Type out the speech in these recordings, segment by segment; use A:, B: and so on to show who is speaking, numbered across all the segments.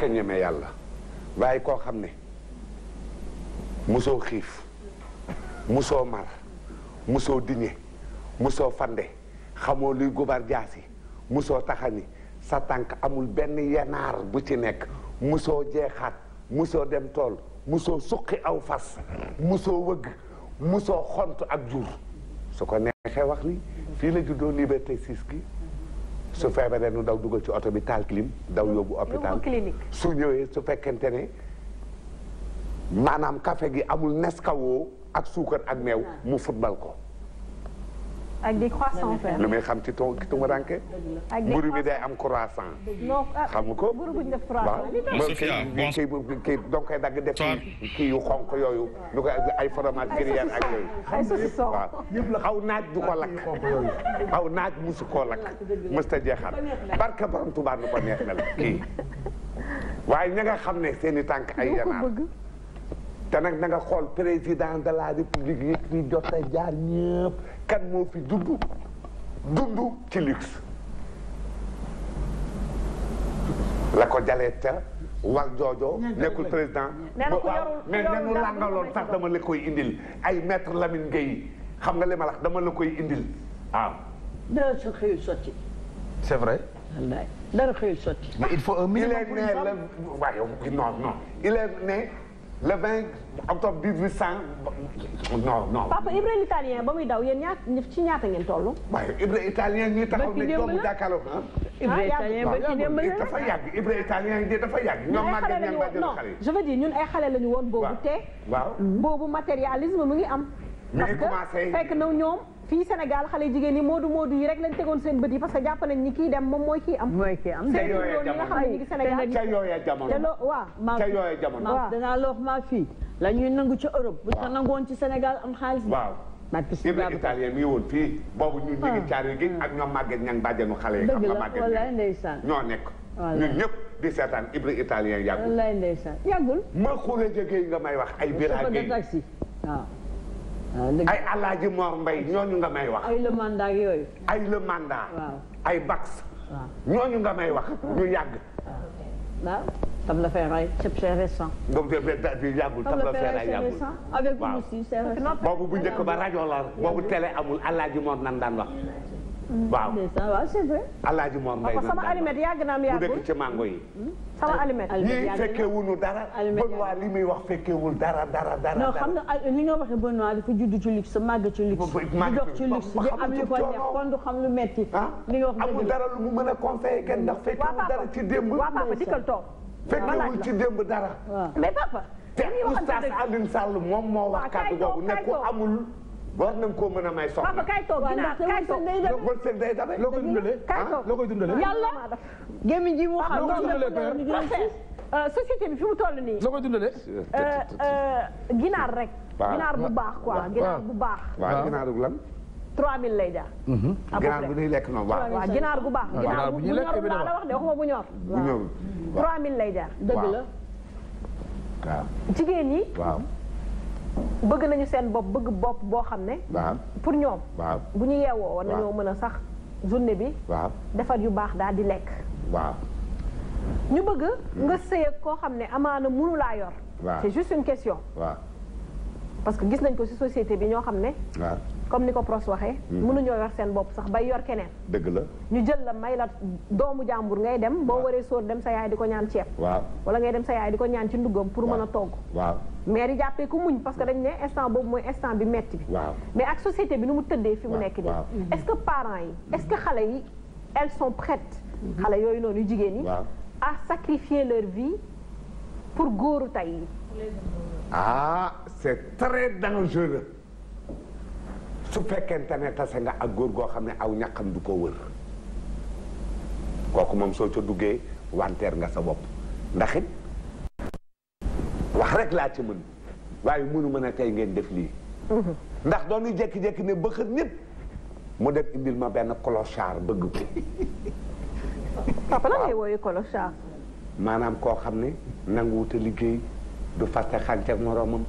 A: ka a ñeme yàlla waaye koo xam ne musoo xiif musoo mar musoo diñe musoo fande xamoo luy gubar jaasi musoo taxani sa tànk amul benn yanaar bu ci nekk musoo jeexaat musoo dem tool musoo suqi aw fas musoo wëgg musoo xont ak jur su ko neexee wax ni fii la juddoo liberté 6 gi su feebaree nu daw dugal ci oto bi taal clim daw yóbbu hôpital su ñëwee su fekkente ne maanaam café gi amul Nescafé ak suukar ak meew ah. mu futbal ko
B: ak di lu muy
A: xam ci ton ci tumuranke.
B: ak di mburu bi day
A: am croissant.
B: non ah, xam ko mburu bu ñu def
A: croissant. dagg def kii yu xonk yooyu. lu ko ay fromage gruyère ak yooyu. ay saucisson xaw naaj du ko lakk. xaw naaj musu koo lakk. mësta jeexal barka borom nu ko neex mel kii waaye ña xam ne seen tànk ay yanaar. te nag na nga xool président de la république yi fi jot a jaar ñëpp kan moo fi dund dund ci luxe la ko jalee ca war joojo nekkul président mais nenu làngaloon sax dama la koy indil ay maître Lamine Gueye xam nga li ma la koy indil waaw ah. dara su xëy sotti c'est vrai wallaay dara xëy sotti mais il faut un minimum il est né non il est né le 20 octobre 1800 non non. papa
B: Ibra italien ba muy daw yéen ñaar ci ñaata ngeen toll.
A: waaye Ibra italien ñuy taxaw ne doomu jàkkaarloo. Ah? Ah, Ibra italien ba dafa yàgg Ibra italien yi dafa yàgg. ñoom màgg nañu ba jël xale yi je
B: veux dire ñun ay xale la ñu woon. boobu te. waaw boobu matérialisme mu ngi am. parce que fekk na ñoom. fii Sénégal xale jigéen ñi moodu moodu yi rek lañ tegoon seen bët yi parce que jàpp nañ ni kii dem moom mooy kii am. mooy kii am te yooya jamono te yooya jamono. te yooya jamono waaw danaa loox maa fii la ñuy nangu ci Europe. bu ñu
C: ko nangoon ci Sénégal am xaalis. waaw
A: Ibra italien mi ngi woon fii. boobu ñun ñu ngi ah. caari gi ak ñoom Maguette ñang bàjjenu xale yi. xam nga
C: Maguette ñoo
A: nekk. ñun ñëpp di seetaan Ibra italien yàggul.
C: wallaay ndeysaan yàggul.
A: ma xulee jógee nga may wax ay biir ak waaw Ah, ay alaaji Mor Mbay ñooñu nga may wax. ay le mandat yooyu. ay le mandat. ay bax. ñooñu nga may wax ñu yàgg.
C: waaw tam la fee rey c'est récent.
A: donc bi yàggul tam la fee
B: boobu bu njëkk ba rajo
A: la boobu télé amul alaaji Mor nan daan wax. Mm-hmm. waaw
B: waaw c'est vrai.
A: alaaji moom mbay sama alimet
B: yàgg naa am yàggul bu dëkk ci mango yi. Mm-hmm. sama alimet ñii fekkewuñu
A: dara. Benoît li muy wax fekkewul dara dara dara. non xam nga
C: li nga waxee Benoît dafa judd ci luxe màgg ci luxe. di dox ci luxe di am li ko neex kon du xam
A: lu metti ah? li nga wax amul dara lu mu mën a conseiller kenn ndax fekkewul dara ci démb. waaw papa dikkal toog. fekkewul ci démb dara. mais papa. te oustaz Alioune Sall moom moo wax kàddu googu ne ku amul. war nañ koo mën a may soxla. papa kaay toog ginnaaw kaay toog loo koy dundalee. kaay ah, toog loo koy dundalee. yàlla
B: gémmiñ ji mu xam loo koy dundalee société bi fi mu toll nii. loo
A: koy dundalee. Euh,
B: euh, ginaar rek. ginaar bu baax quoi ginaar bu baax.
A: waaw ginaaru lan.
B: 3000 lay jaar.
A: Mhm. ginaar bu ñuy lekk noonu waaw. waaw ginaar bu baax. ginaar bu ñorul laa la
B: wax de waxuma bu ñor. bu ñorul waaw 3000 lay jaar. dëgg la waaw. jigéen ñi. waaw. bëgg nañu seen bopp bëgg bopp boo xam ne. waaw pour ñoom. waaw bu ñu yeewoo war nañoo mën a sax journée bi. waaw defar yu baax daal di lekk. waaw. ñu bëgg hmm. nga sëy ak koo xam ne amaana mënu laa yor. waaw c'est juste une question. waaw parce que gis nañ ko ci société bi ñoo xam ne. waaw comme ni ko pros waxee hmm. mënuñoo yor seen bopp sax bay yor keneen dëgg la ñu jël la may la doomu jàmbur ngay dem boo waree sóor dem sa yaay di ko ñaan ceeb waaw wala ngay dem sa yaay di ko ñaan ci nduggam pour mën a togg waaw mais di jàppee ku muñ parce que dañ ne instant boobu mooy instant bi metti bi mais ak société bi nu mu tëddee fi mu nekk nii mm-hmm. est-ce que parents yi mm-hmm. est-ce que xale yi elles sont prêtes mm-hmm. xale yooyu noonu jigéen yi à sacrifier leur vie pour góoru tey
A: ah c'est très dangereux su fekkente ne tase nga ak góor goo xam ne aw ñàkkam du ko wër kooku moom soo ca duggee wanteer nga sa bopp ndax it wax rek laa ci mën waaye mënu mën a tey ngeen def lii mhm. ndax doonu jékki-jékki ne bëxët nit mu dem indil ma benn clochard bëgg ko
B: papa la ngay wooyu clochard
A: maanaam koo xam ne nanguwut liggéey du faste xàncak moroomam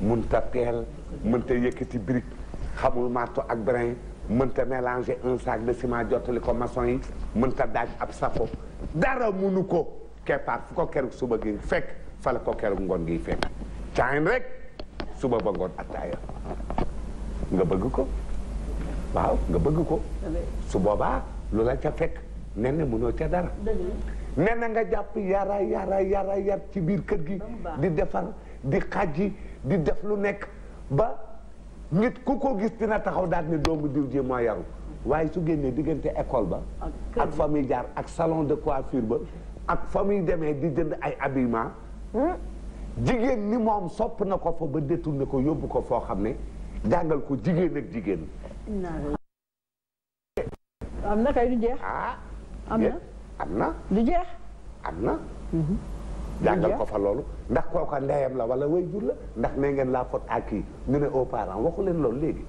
A: mënta teel mënta yëkkati birig xamul marto ak brin mënta mélanger un sac de ciment jottali ko maçon yi mënta daaj ab safo dara munu ko keppaar fu ko kerug suba gi fekk fa la ko kerug ngoon gi fekk caayin rek suba ba ngoon attaaya nga bëgg ko waaw bëgg ko boobaa lu ca fekk nen na mënoo ca dara nen na nga jàpp yara yara yara ci biir kër gi di defar di xajji di def lu nekk nit ku ko gis dina taxaw daal ne doomu diw moo yaru waaye su génnee diggante école ba ak famille jaar ak salon de coiffure ba ak famille demee di jënd ay habillement hmm? jigéen ni moom sopp na ko fa ba détourné ko yóbbu ko foo xam ne jàngal ko jigéen ak jigéen
C: am na kay du jeex ah, am na am na du
A: am na mm-hmm. jàngal ko fa loolu ndax kooka ndeyam la wala way jur la ndax nee ngeen laa faute ak kii ñu ne aux parent waxu leen loolu léegi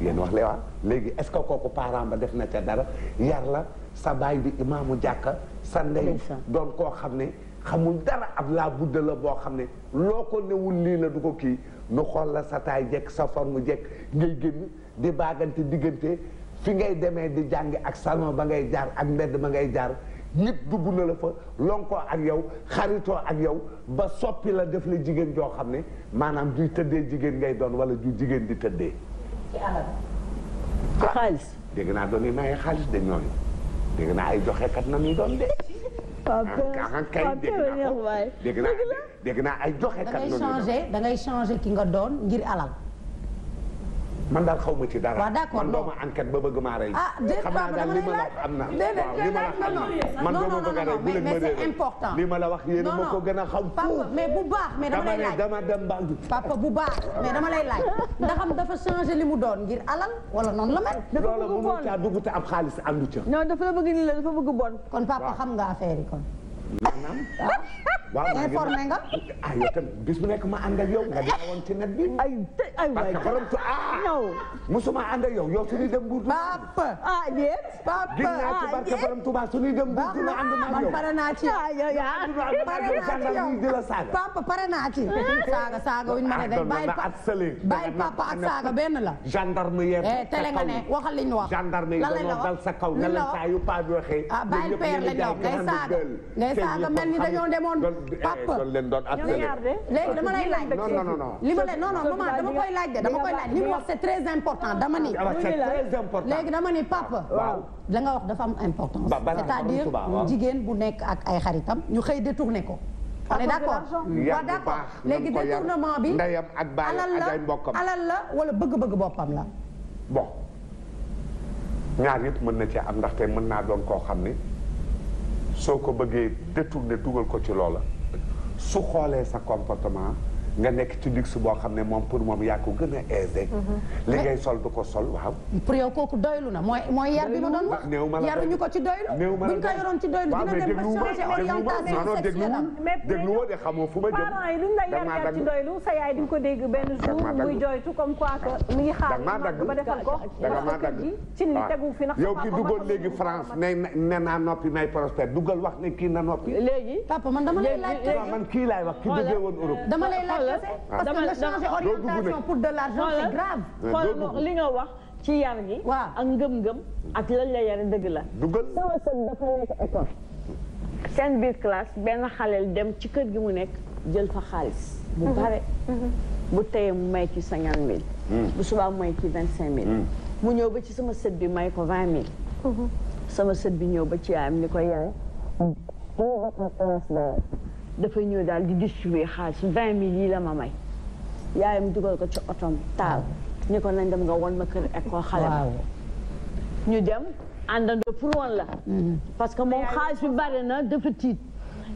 A: yéen wax le waa léegi est-ce que kooku parent ba def na ca dara yar la sa baay di imaamu jàkka sa ndey doon koo xam ne xamuñ dara ab laa budda la boo xam ne loo ko newul lii la du ko kii nu xool la sa taay jekk sa forme jekk ngay génn di baagante diggante fi ngay demee di jàngi ak salon ba ngay jaar ak mbedd ba ngay jaar nit dugg na la fa lonkoo ak yow xaritoo ak yow ba soppi la def la jigéen joo xam ne maanaam duy tëddee jigéen ngay doon wala du jigéen di tëddee. ci alal. ci xaalis. dégg naa doon yi maye xaalis de ñooñu dégg naa ay joxekat na ñuy doon de.
D: Ah, ah, ah kay dégg naa ko
A: dégg naa ay joxekat na ñuy doon da ngay
D: changé da ngay changé ki nga doon ngir alal.
A: man daal xaw ma ci dara. waaw d'accord man dooma enquête ba bëgg maa rey. ah déedéet xam naa daal li ma la wax am na. waaw li ma la xam na man dooma bëgg a rey bu leen ma réeral. li ma la wax yéen a ma ko gën a xam. papa mais bu baax mais dama lay laaj dama dem ba. papa bu baax
D: mais dama lay laaj. ndaxam dafa changé li mu doon ngir alal wala noonu la mel. dafa bëgg bon loolu mënu caa
A: dugg te am xaalis àndu ca.
D: non dafa la bëgg ni la dafa bëgg bon. kon papa xam nga affaire yi kon.
A: maanaam. Ah. waaw informé nga. ah yow tamit bis bu nekk ma ànd ak yow nga di woon ci net bi. ay ay waay borom tu ah. ñëw musuma ànd ak yow yow su ñuy dem buutu. papa ah déet. papa ah déet ginnaaw ci barke borom Tuuba su ñuy dem buutu ma ànd ak yow. pare naa ci papa
D: pare naa ci. saaga saaga wuñ ma ne ah, de bàyyi papa
A: bàyyi papa ak saaga benn la. gendarme yeeg eh, tele nga ne waxal li ñu wax. gendarme yi dañoo dal sa kaw ne la saa yu paa bi waxee. ah bàyyi père lañ wax ngay saaga ngay saaga mel ni dañoo demoon papa eh, léegi dama lay laaj non non non li ma lay non non maman dama koy laaj de dama koy laaj li mu wax c'est très
D: important dama ni ah, léegi dama ni papa da ah, nga wax dafa am importance c'est-à-dire jigéen bu nekk ak ay xaritam ñu xëy détourné ko on est d'accord waaw d'accord léegi détournement bi
A: alal la
D: alal la wala bëgg-bëgg boppam la
A: bon ñaar yëpp mën na ci am ndaxte mën naa doon koo xam ne soo ko bëggee détourné tugal ko ci loola su xoolee sa comportement nga nekk ci luxe boo xam ne moom pour moom yaa ko gën a aisé. Mhm. li ngay sol du ko sol waaw.
D: pour yow kooku doylu na mooy
B: mooy yar bi ma doon wax. néew ma la yaruñu ko ci doylu. néew ma la buñ ko yoroon ci doylu dina dem ba changé orientation sexuelle am. mais déglu woo
A: de xamoo fu ma jëm. parents yi luñ la yar yar ci doylu
B: sa yaay di nga ko dégg benn
A: jour muy joytu
B: comme quoi que mi ngi xaar ba defal ko. danga maa dagg ci ni tegu fi na yow ki duggoon léegi France ne
A: ne naa noppi nay prospère duggal wax ne kii na noppi. léegi papa man dama lay laaj man kii laay wax ki duggee woon Europe dama lay laaj dama ah. changer orientation pour de
C: l'argent c'est grave. xoolal li nga wax ci yar gi. waaw ak ngëm ak lañ la yare dëgg la. dugal sama sën dafa nekk benn xaleel dem ci kër gi mu nekk jël fa xaalis. bu mhm. bare. Mhm. bu teyee mu may ci cinquante mille. Mhm. bu subaa mu may ci vingt cinq mille. mu ñëw ba ci sama sët bi may ko vingt mille. sama sët bi ñëw ba ci yaayam ni ko yaay. dafay ñëw daal di distribuer xaalis vingt mille yi la ma may yaayam dugal ko ci otom taal ñu ko nañ dem nga won ma kër école xale ba ñu dem àndandoo la mm-hmm. parce que moom xaalis bi bare na dafa tiit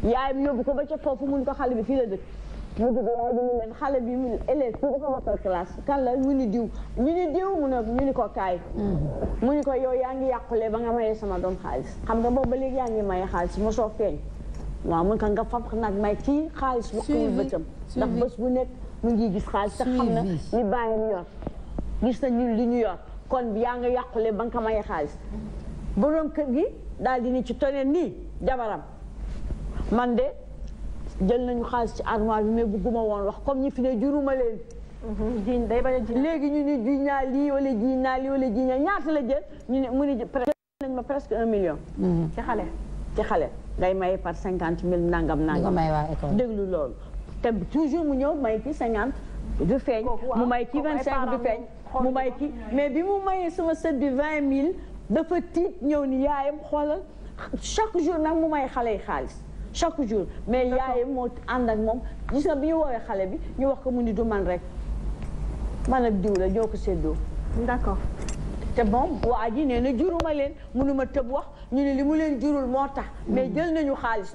C: yaayam yóbbu ko ba ca foofu mun ko xale bi fii la dëkk mu dugg xale bi mu élève bi ni diw ñu ni diw mu ne ñu ni ko kaay mm-hmm. mu ni ko yow yaa ngi yàqule ba nga mayee sama doom xaalis xam nga boobu ba léegi yaa ngi maye xaalis mosoo waaw mën ka nga fab nag may kii xaalis waxuñu bëccëm ndax bés bu nekk mu ngi gis xaalis te xam na li bàyyi ñu yor gis na ñun li ñu yor kon yaa nga yàqule ba nga ko maye xaalis boroom kër gi daal di ni ci toneen nii jabaram man de jël nañu xaalis ci armoire bi mais bugguma woon wax comme ñi fi ne juruma leen mhm, jiñ day bañ a jiñ léegi ñu ni jiñ naa lii wala jiñ ji lii wala jiñ naa ñaata la jël ñu ne mu ni nañ ma presque un million mhm. ci xale ci xale ngay maye par cinquante mille nangam nangam. déglu loolu. te toujours mu ñëw may ki cinquante. du feeñ mu may ki vingt cinq du feeñ. mu may ki mais bi mu mayee sama sët bi vingt mille dafa tiit ñëw ni yaayam xoolal chaque jour nag mu may xale yi xaalis. chaque jour mais yaayam moo ànd ak moom gis nga bi ñu woowee xale bi ñu wax ko mu ni du man rek man ak diw la ñoo ko séddoo. d'accord. te moom waa ji nee na juruma leen mënuma tëb wax ñu ne li mu leen jurul moo tax mais jël nañu xaalis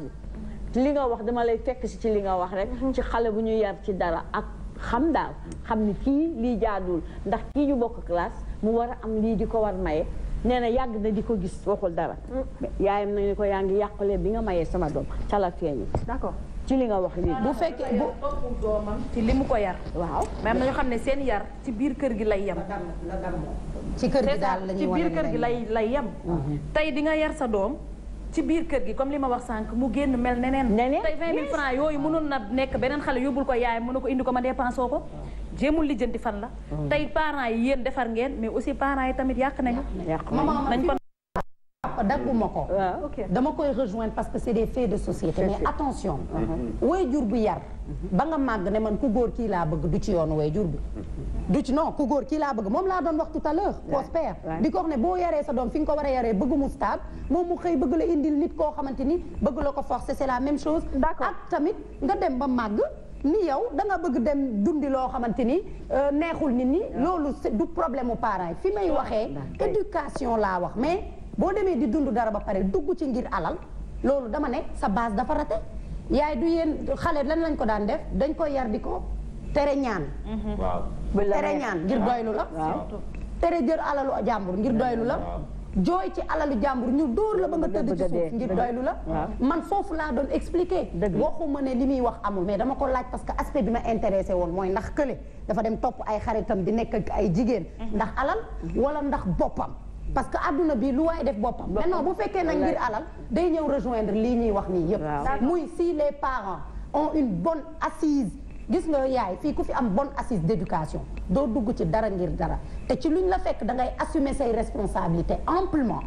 C: bi li nga wax dama lay fekk si ci li nga wax rek mhm. ci xale bu ñu yar ci dara ak xam daal xam ni kii lii jaadul ndax kii ñu bokk classe mu war a am lii di ko war maye nee na yàgg na di ko gis waxul dara mm. yaayam na ni ko yaa ngi leen bi nga mayee sama doom ca la feeñi d'accord ci li nga wax nii bu fekkee bu
D: doomam ci li
C: mu ko yar waaw man na ñoo xam
D: ne seen yar ci biir kër gi lay yem ci kër gi daal la ñuy ci biir kër gi lay lay yem mhm. tey di nga yar sa doom ci biir kër gi comme li ma wax sànq mu génn mel neneen tey vingt mille francs yooyu mënoon na nekk beneen xale yóbbul ko yaay mën na ko indi ko ma dépensé ko jéemul lijjanti fan la mhm. tey parent yi yéen defar ngeen mais aussi parents yi tamit yàq nañu nañ ko dagguma ko dama koy rejoindre parce que c'est des faits de société mais attention mm-hmm. way jur bu yar mm-hmm. ba nga màgg ne man ku góor kii laa bëgg du ci yoon way jur bi
C: mm-hmm.
D: du ci non ku góor kii laa bëgg moom laa doon wax tout à l'heure prospère di ko wax ne boo yaree sa doom fi nga ko war a yaree bëgg mu stable moom mu xëy bëgg la indil nit koo xamante ni bëgg la ko forcer c'est la même chose ak tamit nga dem ba màgg ni yow da nga bëgg dem dundi loo xamante ni euh, neexul nit ñi loolu problème u parents yi fi may waxee éducation laa wax mais boo demee di dund dara ba pare dugg ci ngir alal loolu dama ne sa baas dafa rate yaay du yéen xale lan lañ ko daan def dañ koy yar di ko tere ñaan
B: mhm.
C: tere ñaan ngir doylu la
D: tere jër alalu jàmbur ngir doylu la jooy ci alalu jàmbur ñu dóor la ba nga tëdd ci suuf ngir doylu la man foofu laa doon expliquer waxuma ne li muy wax amul mais dama ko laaj parce que aspect bi ma intéressé woon mooy ndax kële dafa dem topp ay xaritam di nekk ak ay jigéen mhm. ndax alal wala ndax boppam parce que adduna bi lu waaye def boppam maintenant bu fekkee nag ngir alal day ñëw rejoindre lii ñuy wax nii yëpp muy sii les parents on une bonne assise gis nga yaay fii ku fi am bonne assise d'éducation doo dugg ci dara ngir dara te ci luñ la fekk dangay ngay say responsabilités amplement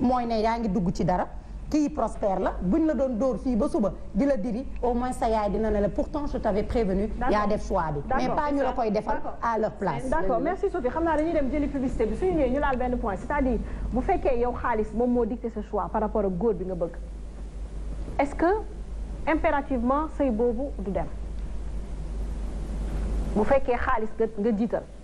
D: mooy ne yaa ngi dugg ci dara kii prospère la buñ la doon door fii ba suba di la diri au moins sa yaay dina ne la pourtant je t'avais prévenu yaa def choix bi mais pas ñu la koy defal
B: à leur place d'accord merci Sophie xam naa dañuy dem jëli publicité bi suñu ñëwee ñu laal benn point c'est-à-dire bu fekkee yow xaalis moom moo dicté sa choix par rapport ak góor bi nga bëgg est-ce que impérativement sëy boobu du dem bu fekkee xaalis nga nga jiital